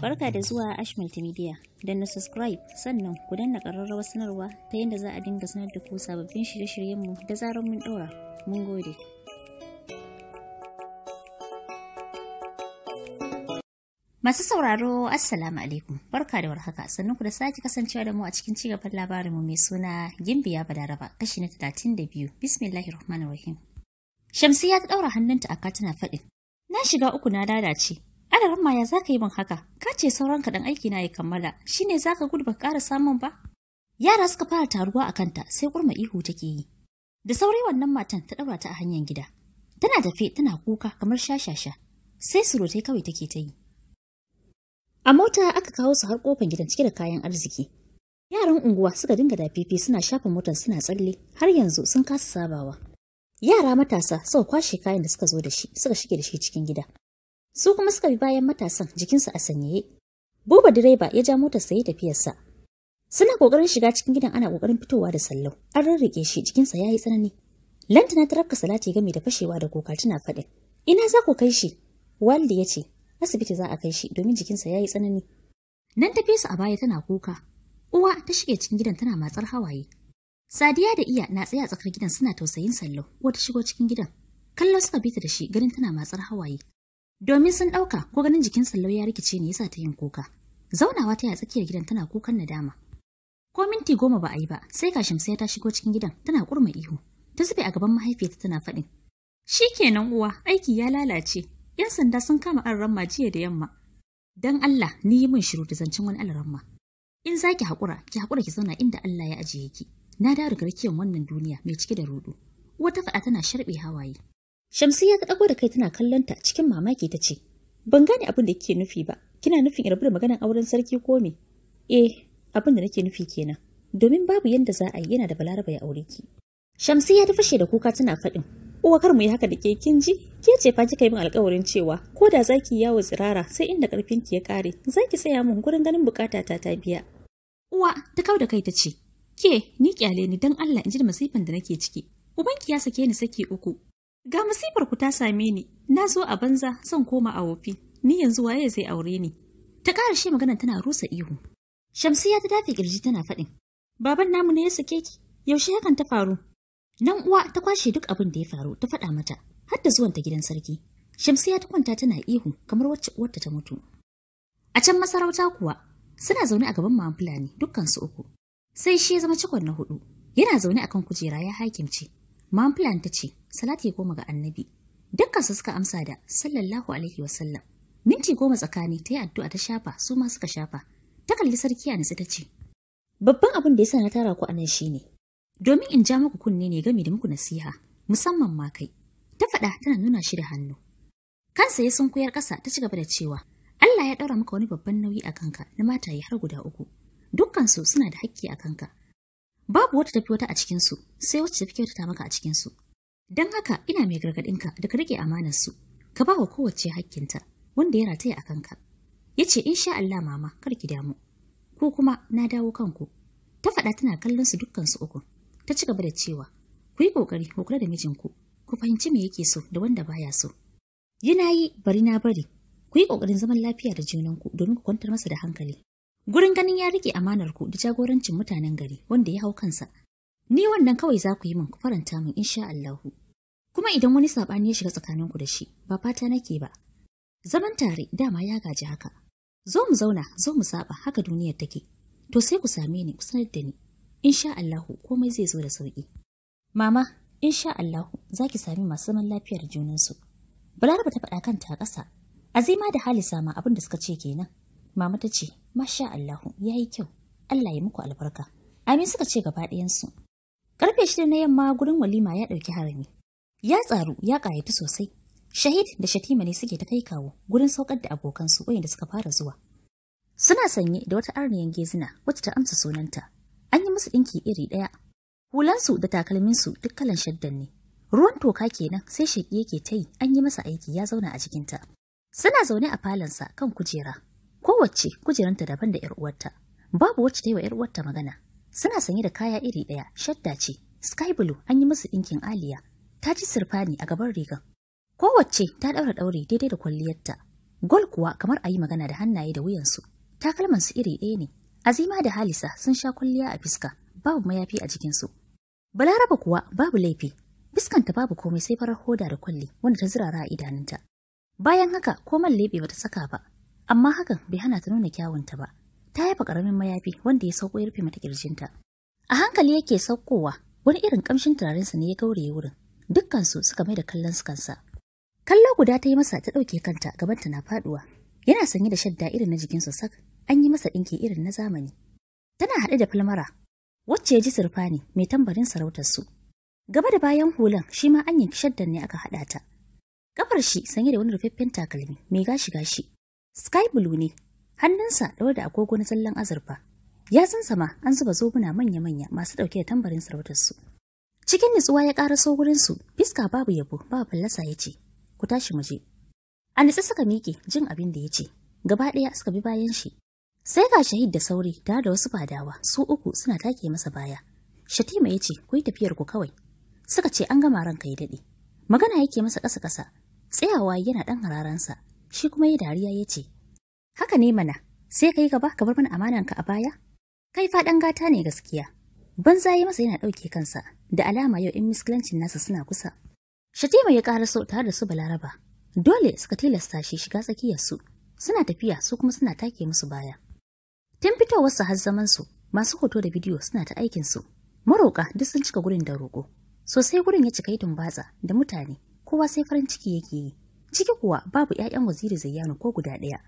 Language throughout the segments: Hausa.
Barka da zuwa Ash Multimedia. Don na subscribe sannan ku danna ƙararrawar sanarwa ta yadda za a dinga sanar da ku sababbin shirye-shiryenmu da zarar mun ɗora. Mun gode. Masu sauraro, Assalamu alaikum. Barka da warhaka. Sannan ku da sake kasancewa da mu a cikin cigaban labarinmu mai suna Gimbiya Badaraba, kashi na talatin da biyu, bismillahi rahman rahim. Shamsiya ta ɗaura hannunta a tana faɗin. Na shiga uku na lalace, Adaran maya ya za ka yi min haka, ka ce sauran kaɗan aiki na ya kammala, shi ne za ka gudu ba ƙara samun ba? Yara suka fara taruwa a kanta sai kurma ihu take yi. Da saurayi wannan matan ta ɗaura ta a hanyar gida. Tana tafe tana kuka kamar shashasha, sai surutai kawai take ta yi. A mota aka kawo su har kofan gidan cike da kayan arziki. Yaran unguwa suka dinga dafifi suna shafa motar suna tsalle har yanzu sun kasa sabawa. Yara matasa suka kwashe kayan da suka zo da shi suka shige da shi cikin gida. Su kuma suka bi bayan matasan jikinsu a sanyaye. Buba direba ya ja mota sai tafiyarsa. Suna kokarin shiga cikin gidan ana kokarin fitowa da sallau. An rarrike shi jikinsa ya yi tsanani. Lantana ta rafka salati game da fashewa da kuka tana faɗin. Ina za ku kai shi? Waldi ya ce, asibiti za a kai shi domin jikinsa ya yi tsanani. Nan tafiyarsa a baya tana kuka. Uwa ta shige cikin gidan tana matsar hawaye. Sadiya da Iya na tsaye tsakar gidan suna tausayin Sallau, ta shigo cikin gidan. Kallo suka bita da shi ganin tana matsar hawaye. Domin sun ɗauka ko ganin jikin sallau ya rikice ne yasa ta yin kuka. Zaunawa ta yi tsakiyar gidan tana kukan nadama. Ko minti goma ba a yi ba sai ga ya ta shigo cikin gidan tana kurma ihu. Ta zube a gaban mahaifiyarta tana faɗin. Shi kenan uwa aiki ya lalace. Yan sanda sun kama an jiya da yamma. Dan Allah ni yi min shiru da zancen wani alramma. In za ki haƙura, ki haƙura ki zauna inda Allah ya ajiye ki. Na dawo daga rakiyar wannan duniya mai cike da rudu. Uwa ta faɗa tana sharɓe hawaye. Shamsiyya ta dago da kai tana kallon ta cikin mamaki ta ce, Ban gane abin da kike nufi ba, kina nufin irabu da maganar auren sarki ko me? Eh, abin da nake nufi kenan, domin babu yadda za a yi yana da balaraba ya aure ki. Shamsiyya ta fashe da kuka tana faɗin, Uwa kar mu yi haka da ke kin ji, ke ce fa kika yi min alƙawarin cewa ko da zaki yawo tsirara sai inda ki ya ƙare, zaki saya min gurin ganin bukata ta ta biya. Uwa ta kau da kai tace Ke, ni kyale ni dan Allah in ji masifan da nake ciki. Ubanki ya sake ni saki uku, Ga masifar ku ta same ni, na zo a banza zan koma a wofi, ni yanzu waye zai aure ni. Ta ƙara shi magana tana rusa ihu. Shamsiya ta dafe kirji tana faɗin. Baban namu ne ya sake ki, yaushe hakan ta faru? Nan uwa ta kwashe duk abin da ya faru ta faɗa mata, har da ta gidan sarki. Shamsiya ta kwanta tana ihu kamar wacce uwarta ta mutu. A can masarauta kuwa, suna zaune a gaban mawan Fulani dukkansu uku. Sai shi ya zama cikon na hudu, yana zaune akan kujera ya hakimce. Mamplan ta ce, Salati koma ga annabi. Dukkan su suka amsa da sallallahu alaihi wasallam. Minti goma tsakani ta yi addu'a ta shafa su ma suka shafa. Ta kalli sarki a ta ce, Babban abin da ya sa na tara ku a nan ne. Domin in ja muku kunne ne game da muku nasiha, musamman ma kai. Ta faɗa tana nuna shi da hannu. Kansa ya sunkuyar ƙasa ta ci gaba da cewa, Allah ya ɗaura maka wani babban nauyi a kanka na mataye har guda uku. Dukkansu suna da hakki a kanka, babu wata tafi wata a cikinsu sai wacce tafi kyautata maka a cikinsu. Don haka ina mai gargaɗinka da ka rike amanarsu, ka ba wa kowace hakkinta wanda ya rataya a kanka. Ya ce, in sha Allah mama, kar ki damu, ko kuma na dawo kanku. Ta faɗa tana kallon su dukkansu uku. Ta ci gaba da cewa, ku yi ƙoƙari ku kula da mijinku, ku fahimci me yake so da wanda baya so. Yana yi bari na bari, ku yi ƙoƙarin zaman lafiya da junanku domin ku kwantar masa da hankali. gurin ganin ya rike amanar kuɗi da jagorancin mutanen gari wanda ya hau kansa. Ni wannan kawai za ku yi min ku faranta min insha Allahu. Kuma idan wani saɓani ya shiga tsakaninku da shi, ba fata nake ba. Zaman tare dama ya gaji haka. Zo mu zauna, zo mu saba haka duniyar take. To sai ku same ni ku sanar da ni. Insha Allahu komai zai zo da sauki. Mama, insha Allahu za ki sami masu zaman lafiyar junansu. Balaraba ta faɗa kanta a ƙasa. Azima da Halisa ma abin da suka ce kenan. Mama ta ce, Masha Allahu, ya yi kyau, Allah ya muku albarka. Amin suka ce gaba ɗayansu. Karfe shida na yamma gurin walima ya ɗauki harami. Ya tsaru ya ƙayatu sosai. Shahid da Shatima ne suke ta kai kawo gurin saukar da abokansu da suka fara zuwa. Suna sanye da wata arniyan gezina wacce ta amsa sunanta. An yi musu ɗinki iri ɗaya. Hulansu da takalminsu duk kalan shaddan ne. Ruwan toka kenan sai sheƙi yake ta yi an yi masa aiki ya zauna a jikinta. Suna zaune a falansa kan kujera Kowace kujeranta daban da 'yar Babu wacce ta yi wa 'yar magana. Suna sanye da kaya iri ɗaya, shadda ce, sky blue an yi musu ɗinkin aliya. Ta ci sirfani a gaban rigan. Kowace ta ɗaura ɗaure daidai da kwalliyarta. Gol kuwa kamar a yi magana da hannaye da wuyansu. su iri ɗaya ne. Azima da Halisa sun sha kwalliya a fiska, babu mayafi a jikinsu. Balaraba kuwa babu laifi, fiskanta babu komai sai farar hoda da kwalli wanda ta zirara a idanunta. Bayan haka ko man bata saka ba, amma hakan bai hana ta nuna kyawunta ba. Ta haifa karamin mayafi wanda ya sauko ya rufe mata kirjinta. A hankali yake saukowa, wani irin ƙamshin turarensa ne ya gauraye wurin. Dukkansu suka mai da kallon su kansa. Kallo guda ta yi masa ta ɗauke kanta gabanta na faduwa. Yana sanye da shadda irin na jikinsa sak, an yi masa ɗinki irin na zamani. Tana haɗe da falmara, wacce ya ji surfa ne mai tambarin sarautar su Gaba da bayan hulan shi ma an yanki shaddan ne aka haɗa ta. Kafar shi sanye da wani rufaffen takalmi mai gashi gashi Sky blue ne, hannunsa ɗaure da agogo na zallan azurfa. Ya san sama an zuba zobuna manya-manya masu ɗauke da tambarin sarautarsu. Cikin nutsuwa ya ƙara so wurinsu, fiska babu yabo, babu fallasa ya ce, ku tashi mu je. A nutsu suka miƙe jin abin da ya ce, gaba ɗaya suka bi bayan shi. Sai ga shahid da sauri tare da wasu fadawa su uku suna take masa baya. Shatima ya ce, ku yi tafiyar ku kawai. Suka ce an gama ranka ya daɗe. Magana yake masa ƙasa-ƙasa, tsayawa yana ɗan hararansa. shi kuma yi dariya ya ce, Haka ne mana, sai ka yi gaba ka bar mana amananka a baya? Kai faɗan gata ne gaskiya. Banza ya masa yana ɗauke kansa, da alama yau in miskilancin nasa suna kusa. Shatima ya ƙara so tare da su balaraba. Dole suka tilasta shi shiga tsakiyarsu, suna tafiya su kuma suna take musu baya. Tun fitowarsu har zaman su masu hoto da bidiyo suna ta aikin su Maroƙa duk sun cika gurin da roƙo. Sosai gurin ya cika yi tumbatsa da mutane, kowa sai farin ciki yake yi. ciki kuwa babu ‘ya'yan waziri zayyano ko guda ɗaya.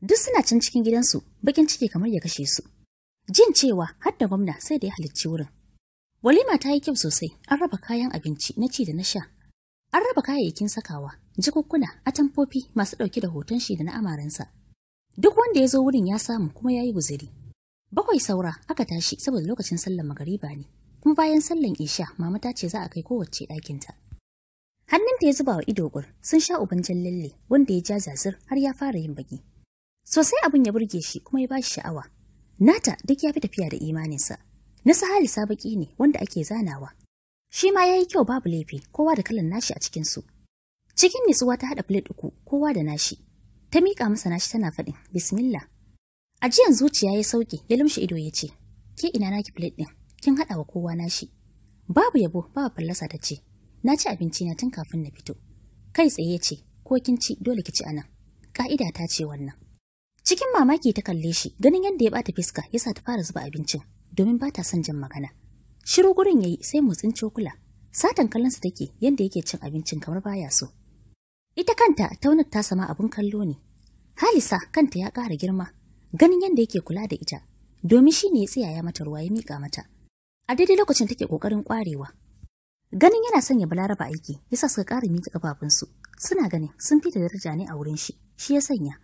Duk suna can cikin gidansu bakin ciki kamar ya kashe su. Jin cewa har da gwamna sai da ya halicci wurin. Walima ta yi kyau sosai, an raba kayan abinci na ci da na sha. An raba kayayyakin sakawa, jikukkuna, atamfofi masu ɗauke da hoton shi da na amaransa. Duk wanda ya zo wurin ya samu kuma ya yi guziri. Bakwai saura aka tashi saboda lokacin sallar magariba ne, kuma bayan sallan isha mama ta ce za a kai kowacce ɗakinta. Hannun da ya zuba wa ido gur, sun sha uban jan lalle wanda ya ja zazir har ya fara yin baki. Sosai abin ya burge shi kuma ya bashi sha'awa. Nata duk ya fi tafiya da imaninsa. Na sahali sabaki ne wanda ake zanawa. Shi ma ya yi kyau babu laifi kowa da kalan nashi a cikinsu. Cikin nutsuwa ta haɗa plate uku kowa da nashi. Ta miƙa masa nashi tana faɗin bismillah. Ajiyan zuciya ya sauke ya lumshi ido ya ce, Ke ina naki plate ɗin, kin haɗa wa kowa nashi. Babu yabo, babu fallasa ta ce, Na ci abinci na tun kafin na fito. Kai tsaye ce, ko kin ci dole ki ci anan. Ka'ida ta ce wannan. Cikin mamaki ta kalle shi, ganin yadda ya bata fiska yasa ta fara zuba abincin, domin ba ta son jan magana. Shiru gurin yayi sai motsin cokula. Satan kallonsa take yadda yake cin abincin kamar baya so. Ita kanta taunar ta sama abun kallo ne. Halisa kanta ya kara girma, ganin yadda yake kula da ita, domin shi ne ya tsiyaya mata ruwa ya miƙa mata. A daidai lokacin take ƙoƙarin ƙwarewa, Ganin yana sanya Balaraba aiki, yasa suka ƙara miƙe ƙafafunsu. Suna ganin sun fi da daraja ne a wurin shi, shi ya sanya.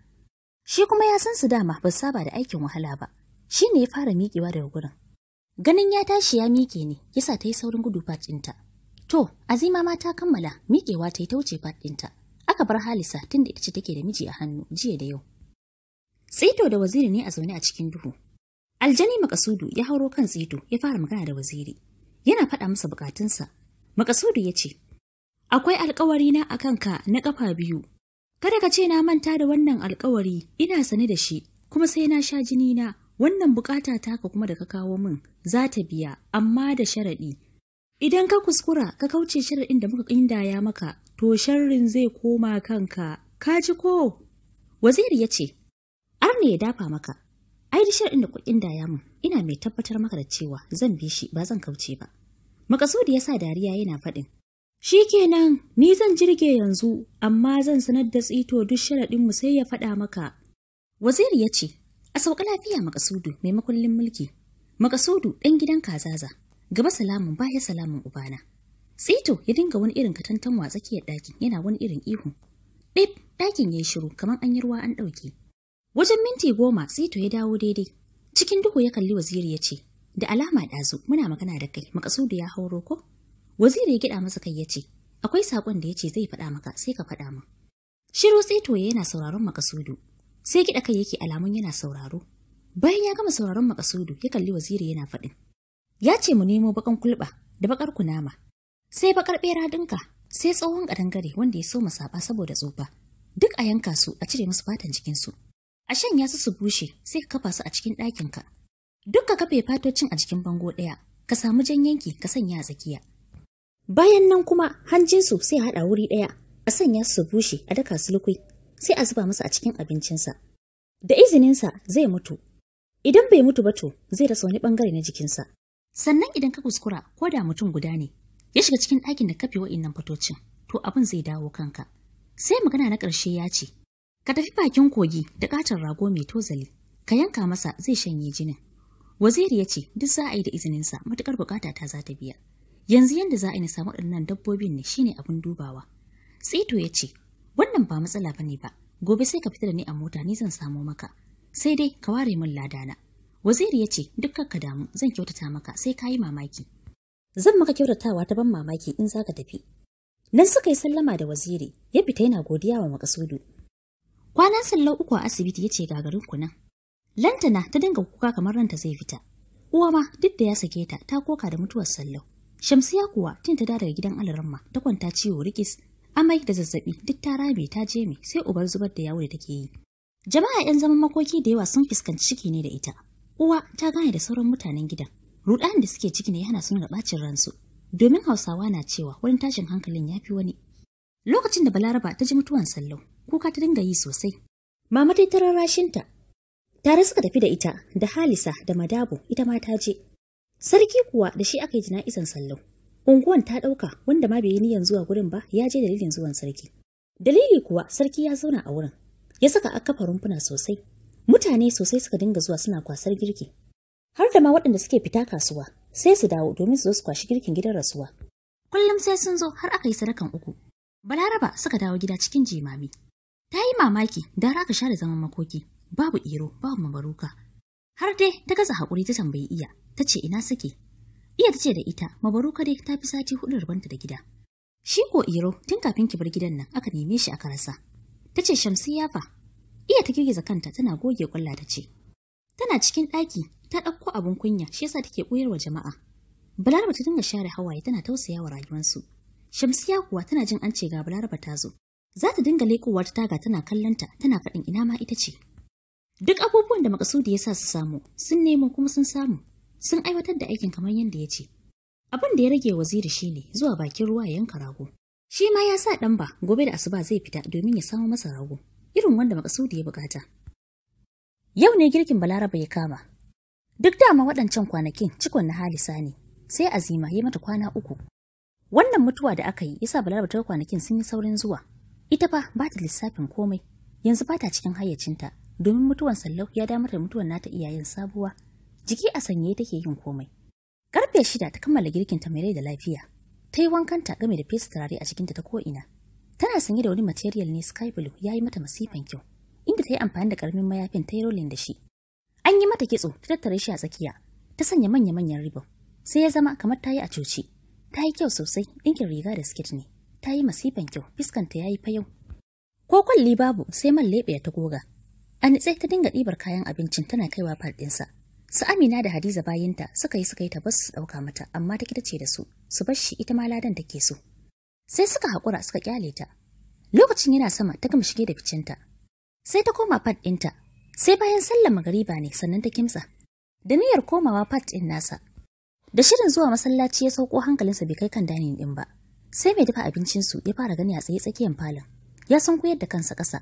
Shi kuma ya san su dama ba saba da aikin wahala ba. Shi ne ya fara miƙewa daga gurin. Ganin ya tashi ya miƙe ne, yasa ta yi saurin gudu fat ɗinta. To, Azima ma ta kammala miƙewa ta yi tauce fat ɗinta. Aka bar Halisa tunda ita ce take da miji a hannu jiya da yau. Tsito da waziri ne a zaune a cikin duhu. Aljani Makasudu ya hauro kan Tsito ya fara magana da waziri. Yana faɗa masa bukatunsa Makasudu ya ce, Akwai alkawari na a kanka na ƙafa biyu, kada ka ce na manta da wannan alkawari ina sane da shi, kuma sai na sha jini na wannan bukata taka kuma da ka kawo min za ta biya, amma da sharaɗi. Idan ka kuskura ka kauce sharaɗin da muka ƙindaya maka, to sharrin zai koma kanka, ka ji ko? Waziri ya ce, Arne ya dafa maka, ai da sharaɗin da kuɗin daya min, ina mai tabbatar maka da cewa zan bi shi ba zan kauce ba. Makasudi ya sa dariya yana faɗin. Shi kenan, ni zan jirge yanzu, amma zan sanar da tsito duk sharaɗin mu sai ya faɗa maka. Waziri ya ce, a sauƙa lafiya makasudu mai makullin mulki. Makasudu ɗan gidan kazaza, gaba salamun baya salamun ubana. Tsito ya dinga wani irin katantan tsakiyar ɗakin yana wani irin ihu. ɗib ɗakin ya yi shiru kamar an yi ruwa an ɗauke. Wajen minti goma Tsito ya dawo daidai. Cikin duhu ya kalli waziri ya ce, Da alama ɗazu muna magana da kai makasudu ya hauro ko? Waziri ya gida masa kai ya ce, akwai saƙon da ya ce zai faɗa maka sai ka faɗa min. Shiru ya yana sauraron makasudu, sai gida kai yake alamun yana sauraro. Bayan ya gama sauraron makasudu ya kalli waziri yana faɗin. Ya ce mu nemo bakan kulɓa da bakar kunama, sai bakar ɓera dinka sai tsohon ƙadangare wanda ya so saɓa saboda tsufa. Duk a yanka su a cire musu fatan jikinsu. A shan su su bushe sai ka kafa su a cikin ɗakinka Dukka ka kafe fatocin a jikin bango ɗaya, ka samu jan yanki ka sanya a tsakiya. Bayan nan kuma hanjinsu sai a haɗa wuri ɗaya, a sanya su bushe a daka su lukui, sai a zuba masa a cikin abincinsa. Da izininsa zai mutu. Idan bai mutu ba to zai rasa wani ɓangare na jikinsa. Sannan idan ka kuskura ko da mutum guda ne, ya shiga cikin ɗakin da kafe wa'innan fatocin, to abin zai dawo kanka. Sai magana na ƙarshe ya ce, Ka tafi bakin kogi da ƙaton rago mai tozali, ka yanka masa zai shanye jinin. Waziri ya ce duk za a yi da izininsa matukar bukata ta za ta biya. Yanzu yadda za a yi na samu waɗannan dabbobin ne shine abin dubawa. Tsito ya ce wannan ba matsala ba ne ba. Gobe sai ka fita da ni a mota ni zan samo maka. Sai dai ka ware min ladana. Waziri ya ce dukkan ka damu zan kyautata maka sai ka yi mamaki. Zan maka kyautatawa ta ban mamaki in za ka tafi. Nan suka yi sallama da waziri ya fita yana godiya wa makasudu. Kwanan sallau uku a asibiti ya ce gagarin ku nan. Lantana ta dinga kuka kamar ranta zai fita. Uwa ma duk da ya sake ta ta koka da mutuwar sallau. Shamsiya kuwa tun ta dawo daga gidan alramma ta kwanta ciwo rikis. Amai da zazzabi duk ta rabe ta je mai sai ubar zubar da yawo da take yi. Jama'a 'yan zaman makoki da yawa sun fuskanci ciki ne da ita. Uwa ta gane da sauran mutanen gidan. Rudan da suke ciki ne yana sun ga bacin ransu. Domin Hausawa na cewa wani tashin hankalin ya fi wani. Lokacin da Balaraba ta ji mutuwan sallau, kuka ta dinga yi sosai. Mama ta yi rashinta. Tare suka tafi da ita da Halisa da Madabu, ita ma ta je. Sarki kuwa da shi aka yi jana'izan sallau. Unguwan ta ɗauka wanda ma bai yi niyan zuwa gurin ba ya je dalilin zuwan sarki. Dalili kuwa sarki ya zauna a wurin. Ya saka akafa kafa rumfuna sosai. Mutane sosai suka dinga zuwa suna kwasar girki. Har da ma waɗanda suke fita kasuwa sai su dawo domin su zo su kwashi girkin gidan rasuwa. Kullum sai sun zo har aka yi sadakan uku. Balaraba suka dawo gida cikin jimami. Ta yi mamaki har raka share zaman makoki. babu iro, babu mabaruka. Har dai ta gaza hakuri ta tambayi iya, ta ce ina suke. Iya ta ce da ita, mabaruka dai ta fi sati hudu rabanta da gida. Shi ko iro tun kafin ki bar gidan nan aka neme shi aka rasa. Ta ce shamsiya fa. Iya ta girgiza kanta tana goge kwalla ta ce. Tana cikin ɗaki ta ɗauko abin kunya shi yasa take wa jama'a. Balaraba ta dinga share hawaye tana tausaya tausayawa rayuwarsu. Shamsiya kuwa tana jin an ce ga Balaraba ta zo. Za ta dinga leƙowa ta taga tana kallonta tana faɗin ina ma ita ce. Duk abubuwan da makasudi ya sa su samu, sun nemo kuma sun samu, sun aiwatar da aikin kamar yadda ya ce. Abin da ya rage waziri shine zuwa bakin ruwa ya yanka rago. Shi ma ya sa ɗan ba gobe da asuba zai fita domin ya samo masa rago, irin wanda makasudi ya bukata. Yau ne girkin Balaraba ya kama. Duk dama waɗancan kwanakin cikon na halisa ne, sai Azima ya mata kwana uku. Wannan mutuwa da aka yi yasa Balaraba ta kwanakin sun yi saurin zuwa. Ita fa ba ta lissafin komai, yanzu ba ta cikin hayyacinta, domin mutuwan sallau ya damar da mutuwan nata iyayen sabuwa jiki a sanye take yin komai karfe shida ta kammala girkin ta mai rai da lafiya ta yi wankan ta game da fesa turare a cikinta ta ko'ina tana sanye da wani material ne sky blue ya yi mata masifan kyau inda ta yi amfani da karamin mayafin ta yi da shi an yi mata kitso ta tattare shi a tsakiya ta sanya manya-manyan ribon sai ya zama kamar ta yi a coci ta yi kyau sosai ɗinkin riga da siket ne ta yi masifan kyau fiskanta ya yi fayau ko kwalli babu sai man leɓe ta goga A nitse ta dinga ɗibar kayan abincin tana kaiwa fal Su Amina da Hadiza bayinta suka yi suka yi tabbas su ɗauka mata, amma ta kita ce da su, su bar shi ita ma ladan take so. Sai suka haƙura suka kyale ta. Lokacin yana sama ta gama shige da ficinta. Sai ta koma fat ɗinta, sai bayan sallar magariba ne sannan ta kimtsa. Da niyyar komawa fat ɗin nasa. Da shirin zuwa masallaci ya sauko hankalinsa bai kai kan danin ɗin ba. Sai mai dafa abincinsu ya fara gani a tsaye tsakiyar falon. Ya san koyar da kansa ƙasa,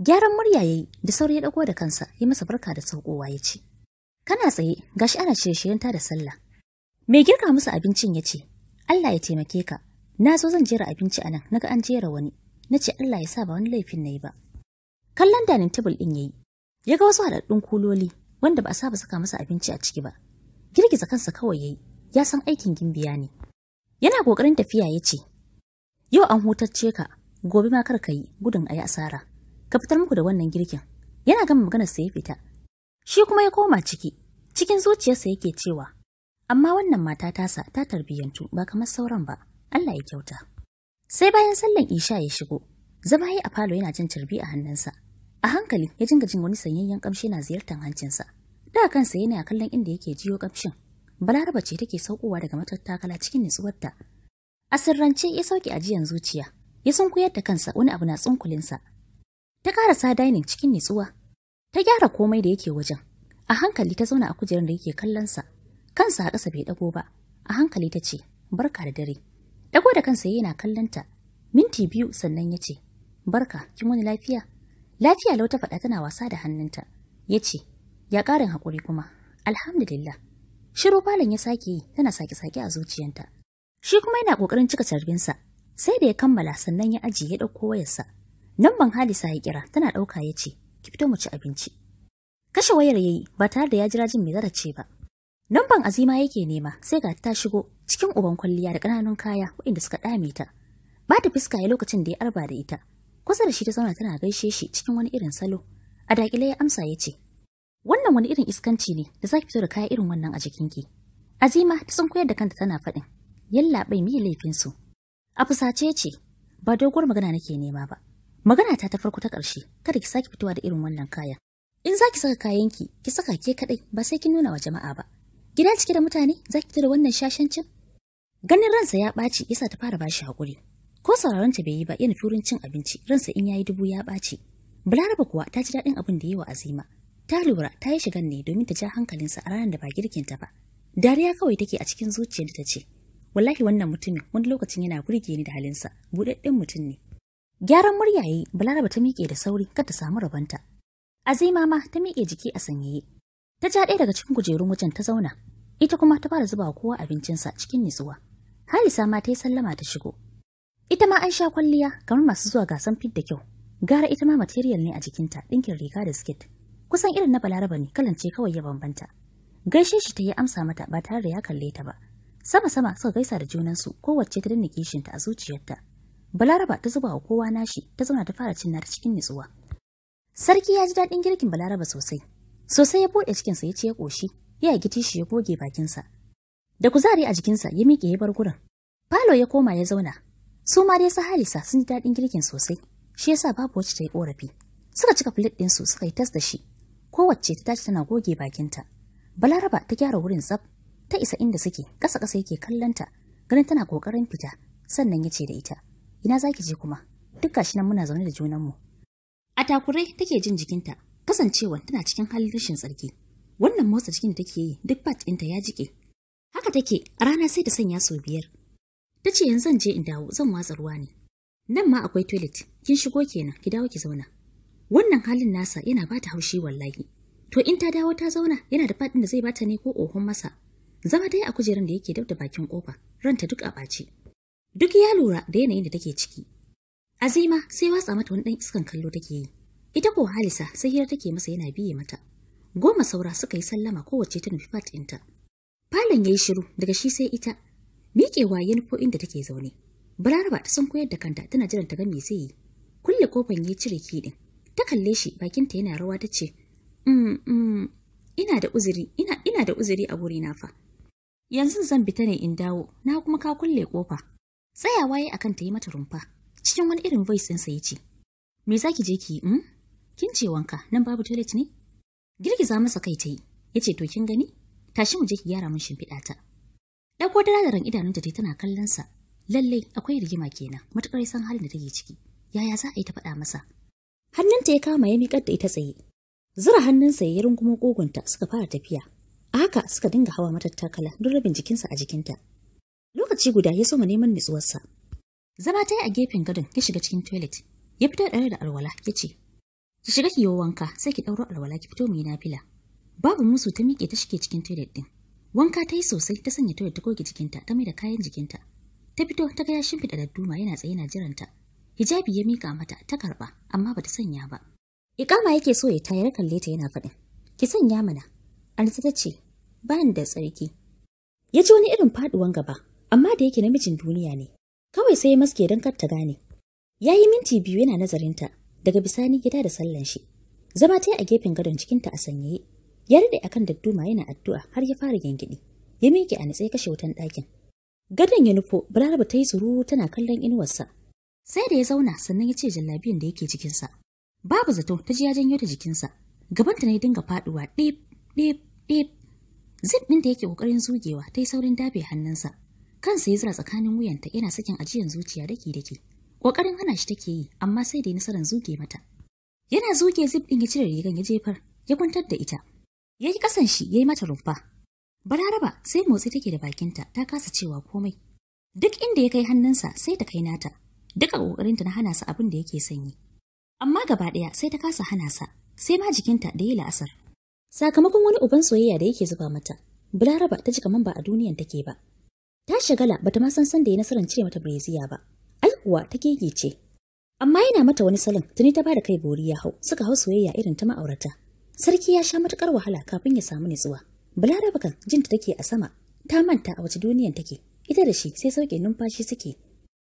Gyaran murya yayi da sauri ya dago da kansa ya masa barka da saukowa ya ce, Kana tsaye gashi ana shirye-shiryen ta da sallah. Mai girka musu abincin ya ce, Allah ya taimake ka, na zo zan jera abinci anan naga an jera wani, na ce Allah ya sa ba wani laifin na yi ba. Kallon danin tebul ɗin yayi, ya ga wasu haɗaɗɗun kuloli wanda ba a saba saka masa abinci a ciki ba. Girgiza kansa kawai ya yi, ya san aikin gimbiya ne. Yana ƙoƙarin tafiya ya ce, Yau an hutacce ka, gobe ma kar ka yi gudun a yi asara. ka fitar muku da wannan girkin. Yana gama maganar sa ya fita. Shi kuma ya koma ciki, cikin zuciyarsa yake cewa, amma wannan mata tasa ta tarbiyyantu ba kamar sauran ba, Allah ya kyauta. Sai bayan sallan Isha ya shigo, zama a falo yana jin tarbi a hannunsa. A hankali ya jinga jin wani sanyayyen kamshi na ziyartar hancinsa. Da kansa yana kallon inda yake jiyo kamshin. Balaraba ce take saukowa daga matattakala cikin nutsuwarta. A sirrance ya sauke ajiyan zuciya, ya sunkuyar da kansa wani abu na tsunkulinsa Ta karasa dining cikin nitsuwa. Ta gyara komai da yake wajen. A hankali ta zauna a kujerar da yake kallon sa. Kansa a ƙasa bai dago ba. A hankali ta ce, "Barka da dare." Dago da kansa yana kallonta. Minti biyu sannan ya ce, "Barka, kin wani lafiya?" Lafiya lau ta faɗa tana wasa da hannunta. Ya ce, "Ya ƙarin haƙuri kuma." Alhamdulillah. Shiru falon ya sake yi, tana sake-sake a zuciyanta. Shi kuma yana ƙoƙarin cika carbinsa, sai da ya kammala sannan ya ajiye ya ɗauko wayarsa. Nan ban Halisa ya kira, tana ɗauka yace ki fito mu ci abinci. Kashe wayar yayi ba tare da ya jira jin me zata ce ba. Nan ban azima yake nema sai ga ta shigo cikin uban kwalliya da kananun kaya waɗanda suka dame ta. Ba ta fiska ya lokacin da ya arba da ita. Kusa da shi ta zauna tana gaishe shi cikin wani irin salo. A dakile ya amsa yace Wannan wani irin iskanci ne da zaki fito da kaya irin wannan a jikin ki? Azima ta sun koyar da kanta tana faɗin, yallaɓai laifin laifinsu. A fusace ce, ba doguwar magana nake nema ba. Magana ta ta farko ta ƙarshe, kada ki sake fitowa da irin wannan kaya. In za ki saka kayanki, ki saka ke kaɗai ba sai kin nuna wa jama'a ba. Gida cike da mutane za ki fita da wannan shashancin? Ganin ransa ya ɓaci yasa ta fara bashi hakuri. Ko sauraron ta bai yi ba yana furin cin abinci ransa in yayi dubu ya ɓaci. Balaraba kuwa ta ji daɗin abin da yi wa Azima. Ta lura ta yi shigan ne domin ta ja hankalinsa a ranar da ba girkinta ba. Dariya kawai take a cikin zuciyar ta ce, Wallahi wannan mutumin wani lokacin yana burge ni da halinsa, buɗaɗɗen mutum ne. Gyaran murya yayi, Balaraba ta miƙe da sauri kar ta samu rabanta. Azima ma ta miƙe jiki a sanyaye. Ta ja ɗaya daga cikin kujerun wajen ta zauna. Ita kuma ta fara zuba kowa abincinsa cikin nutsuwa. Halisa ma ta yi sallama ta shigo. Ita ma an sha kwalliya kamar masu zuwa gasan fit da kyau. Gara ita ma material ne a jikinta ɗinkin riga da siket. Kusan irin na Balaraba ne kalan ce kawai ya bambanta. Gaishe shi ta yi amsa mata ba tare da ya kalle ta ba. Sama-sama suka gaisa da junansu kowacce ta danne kishinta a zuciyarta. Balaraba ta zuba wa kowa nashi ta zauna ta fara cin nata cikin nutsuwa. Sarki ya ji daɗin girkin Balaraba sosai. Sosai ya buɗe cikinsa ya ce ya koshi, ya giti shi ya goge bakinsa. Da kuzari a jikinsa ya miƙe ya bar gurin. Falo ya koma ya zauna. Su ma dai su Halisa sun ji daɗin girkin sosai, shi yasa babu wacce ta yi ƙorafi. Suka cika filit su suka yi tas da shi. Kowacce ta tashi tana goge bakinta. Balaraba ta gyara wurin tsaf, ta isa inda suke, ƙasa-ƙasa yake kallonta, ganin tana ƙoƙarin fita, sannan ya ce da ita. ina zaki je kuma duk gashi nan muna zaune da junanmu a takurai take jin jikinta kasancewa tana cikin halin rashin tsarki wannan motsa jikin da take yi duk bat ɗinta ya jike haka take a rana sai ta sanya sau biyar ta ce yanzu je in dawo zan watsa ruwa ne nan ma akwai toilet kin shigo kenan ki dawo ki zauna wannan halin nasa yana bata haushi wallahi to in ta dawo ta zauna yana da faɗin da zai bata ne ko ohon masa zama dai a kujerar da yake dab da bakin kofa ranta duk a bace. Duk ya lura da yanayin da take ciki. Azima sai watsa mata wani ɗan iskan kallo take yi. Ita ko Halisa sai hira take masa yana biye mata. Goma saura suka yi sallama kowace ta nufi fat ɗinta. Falon ya yi shiru daga shi sai ita. Miƙewa ya nufo inda take zaune. Balaraba ta san koyar da kanta tana jiran ta ga me zai yi. Kulle kofan ya cire kiɗin. Ta kalle shi bakinta yana rawa ta ce, Mm, mm, ina da uzuri, ina, ina da uzuri a wuri na fa. Yanzu zan bi ta ne in dawo, na kuma ka kulle kofa. Tsayawa ya akan ta yi mata rumfa. Cikin wani irin voice ɗinsa ya ce, Me za ki je ki yi? Hmm? Kin ce wanka nan babu toilet ne? Girgiza masa kai ta yi, ya ce to kin gani? Tashi mu je ki gyara mun shimfiɗa ta. Ɗauko daradaran idanun ta tana kallon sa. Lallai akwai rigima kenan, matuƙar san halin da take ciki. Yaya za a yi ta faɗa masa? Hannunta ya kama ya miƙar da ita tsaye. Zura hannunsa ya rungumo ƙugunta suka fara tafiya. A haka suka dinga hawa matattakala don rabin jikinsa a jikinta. lokaci guda ya soma neman nutsuwarsa. Zama ta yi a gefen gadon ya shiga cikin toilet. Ya fito ɗare da alwala ya ce, Ki shiga ki yi wanka sai ki ɗauro alwala ki fito mu yi nafila. Babu musu ta miƙe ta shige cikin toilet ɗin. Wanka ta yi sosai ta sanya toilet ta goge jikinta ta mai da kayan jikinta. Ta fito ta ga ya shimfiɗa da duma yana tsaye na jiranta. Hijabi ya miƙa mata ta karɓa amma bata sanya ba. Iƙama yake so ya tayar kalle ta yana faɗin. Ki sanya mana. Alisa ta ce, ni da tsarki. Ya ci wani irin faɗuwan gaba amma da yake namijin duniya ne kawai sai ya maske don kar ta gane ya yi minti biyu yana nazarinta daga bisani gida da sallan shi zama ta a gefen gadon cikinta a sanyaye ya rade kan dadduma yana addu'a har ya fara gyangyaɗi ya miƙe a nitse kashe wutan ɗakin gadon ya nufo balaraba ta yi tsoro tana kallon inuwarsa sai da ya zauna sannan ya ce jallabiyan da yake jikinsa babu zato ta ji ya janyo ta jikinsa gabanta ne dinga faɗuwa ɗip ɗip ɗip zip ɗin da yake ƙoƙarin zugewa ta yi saurin dabe hannunsa kansa ya zira tsakanin wuyanta yana sakin ajiyan zuciya dake dake kokarin hana shi take yi amma sai da nasarar zuge mata yana zuge zip din ya cire rigan ya jefar ya kwantar da ita yayi kasan shi ya yi mata rumfa bararaba sai motsi take da bakinta ta kasa cewa komai duk inda ya kai hannunsa sai ta kai nata duka kokarinta na hana sa abin da yake sanyi amma gaba ɗaya sai ta kasa hana sa sai ma jikinta da yi la'asar sakamakon wani uban soyayya da yake zuba mata Balaraba ta ji kaman ba a duniyan take ba, Ta shagala bata ma san san da ya nasarar cire mata breziya ba. Ai kuwa ta ce. Amma yana mata wani salon tuni ta bada kai bori ya hau suka hau soyayya irin ta ma'aurata. Sarki ya sha matukar wahala kafin ya samu nutsuwa. Balaraba kan jinta take a sama ta manta a wace duniyan take. Ita da shi sai sauke numfashi suke.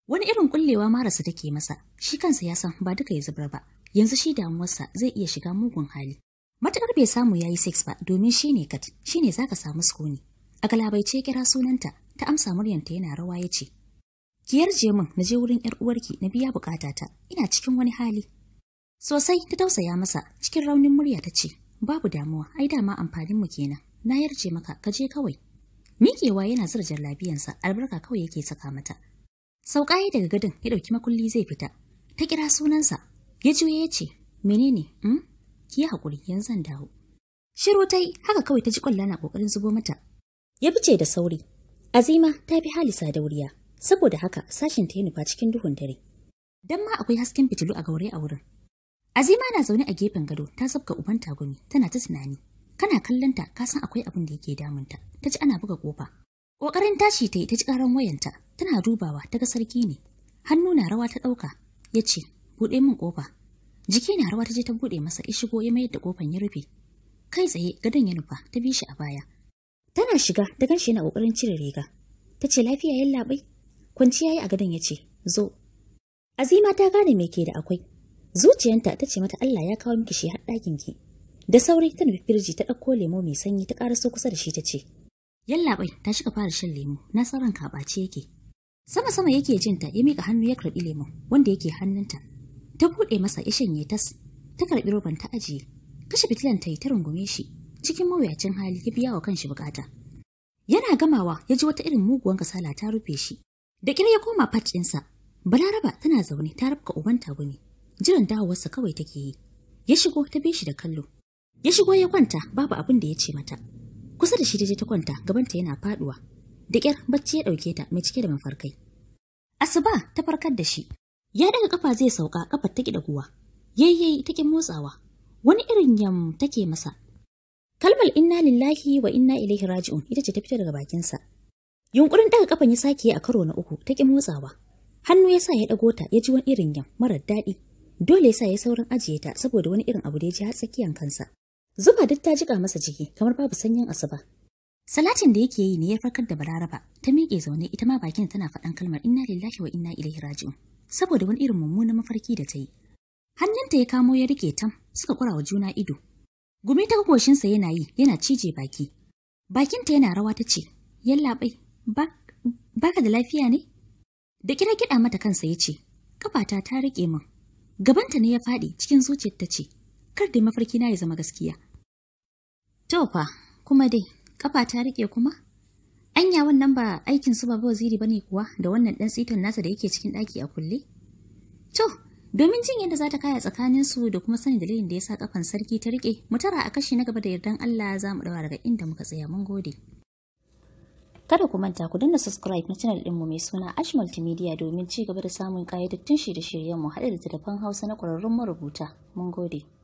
Wani irin kullewa marasa take masa, shi kansa ya san ba duka ya zubar ba. Yanzu shi damuwarsa zai iya shiga mugun hali. Matukar bai samu ya yi sex ba domin shine kat, shine zaka samu sukuni. A galabaice kira sunanta, ta amsa muryanta yana rawa ya ce, Ki yarje min na je wurin ‘yar uwarki na biya bukatata, ina cikin wani hali. Sosai ta tausaya masa cikin raunin murya ta ce, Babu damuwa, ai dama amfanin mu kenan, na yarje maka ka je kawai. Miƙewa yana zira jallabiyansa albarka kawai yake saka mata. Sauka ya daga gadon ya ɗauki makulli zai fita. Ta kira sunansa, ya juya ya ce, Menene, mm? Ki yi haƙuri, yanzu zan dawo. Shiru ta yi, haka kawai ta ji ƙwalla na ƙoƙarin zubo mata. Ya fice da sauri, Azima ta bi Halisa da wuriya, saboda haka sashin ta yi nufa cikin duhun dare. Don ma akwai hasken fitilu a gaure a wurin. Azima na zaune a gefen gado ta sabka uban tagumi tana ta tunani. Kana kallonta ka san akwai abin da yake damunta. Ta ci ana buga kofa. Ƙoƙarin tashi ta yi ta ji ƙaran wayanta. Tana dubawa ta ga sarki ne. Hannu na rawa ta ɗauka. Ya ce, buɗe min kofa. Jiki na rawa ta je ta buɗe masa ya shigo ya mayar da kofan ya rufe. Kai tsaye gadon ya nufa ta bi shi a baya. Tana shiga ta ganshi yana kokarin cire riga. Ta ce lafiya yallaɓai. bai Kwanciya yayi a gadon yace "Zo." Azima ta gane me ke da akwai. Zuciyanta ta ce mata Allah ya kawo miki shi har ɗakin ki. Da sauri ta nufi firji ta ɗauko lemo mai sanyi ta so kusa da shi ta ce, "Yallaɓai, ta shiga fara shan lemo, na sauran ka bace yake." Sama sama yake jinta ya mika hannu ya karɓi lemon wanda yake hannunta. Ta buɗe masa ya shanye tas, ta karɓi roban ta ajiye. Kashe fitilan ta yi ta rungume shi, cikin mawuyacin hali ya biya wa kanshi bukata. Yana gamawa ya ji wata irin muguwan kasala ta rufe shi. Da ƙyar ya koma patch ɗinsa, Balaraba tana zaune ta rabka uban tagumi, jiran dawowarsa kawai take yi. Ya shigo ta bi shi da kallo. Ya shigo ya kwanta babu abin da ya ce mata. Kusa da shi ta je ta kwanta gabanta yana faduwa. Da ƙyar bacci ya ɗauke ta mai cike da mafarkai. Asuba ta farkar da shi. Ya daga kafa zai sauka kafar ta guwa. Yayyayi take motsawa. Wani irin yam take masa Kalmar inna lillahi wa inna ilaihi raji'un ita ce ta fita daga bakin sa Yunkurin daga kafan ya sake a karo na uku ta ki motsawa. Hannu ya sa ya dago ta ya ji wani irin yam marar daɗi. Dole ya sa ya saurin ajiye ta saboda wani irin abu da ya ji har tsakiyan kansa. Zuba duk ta jika masa jiki kamar babu sanyin asuba. Salatin da yake yi ne ya farkar da Balaraba ta miƙe zaune ita ma bakin tana faɗan kalmar inna lillahi wa inna ilaihi raji'un saboda wani irin mummunan mafarki da ta yi. Hannunta ya kamo ya rike tam suka kurawa juna ido Gumi ta goshinsa yana yi, yana cije baki. Bakinta yana rawa ta ce, Yallaɓai, ba, ka da lafiya ne? Da kira kiɗa mata kansa ya ce, Ƙafata ta riƙe min. Gabanta ne ya faɗi cikin zuciyar ta ce, Kar da mafarki na ya zama gaskiya. To fa, kuma dai, ƙafa ta riƙe kuma? Anya wannan ba aikin su baba waziri bane kuwa da wannan ɗan tsiton nasa da yake cikin ɗaki a kulle? To, Domin jin yadda za ta kaya tsakanin su da kuma sanin dalilin da ya sa kafan sarki ta rike, mu tara a kashi na gaba da yardan Allah za mu daura daga inda muka tsaya mun gode. Kada ku manta ku danna subscribe na channel ɗinmu mai suna Ash Multimedia domin ci gaba da samun ƙayyadattun shirye-shiryenmu haɗe da tafan Hausa na ƙwararrun marubuta. Mun gode.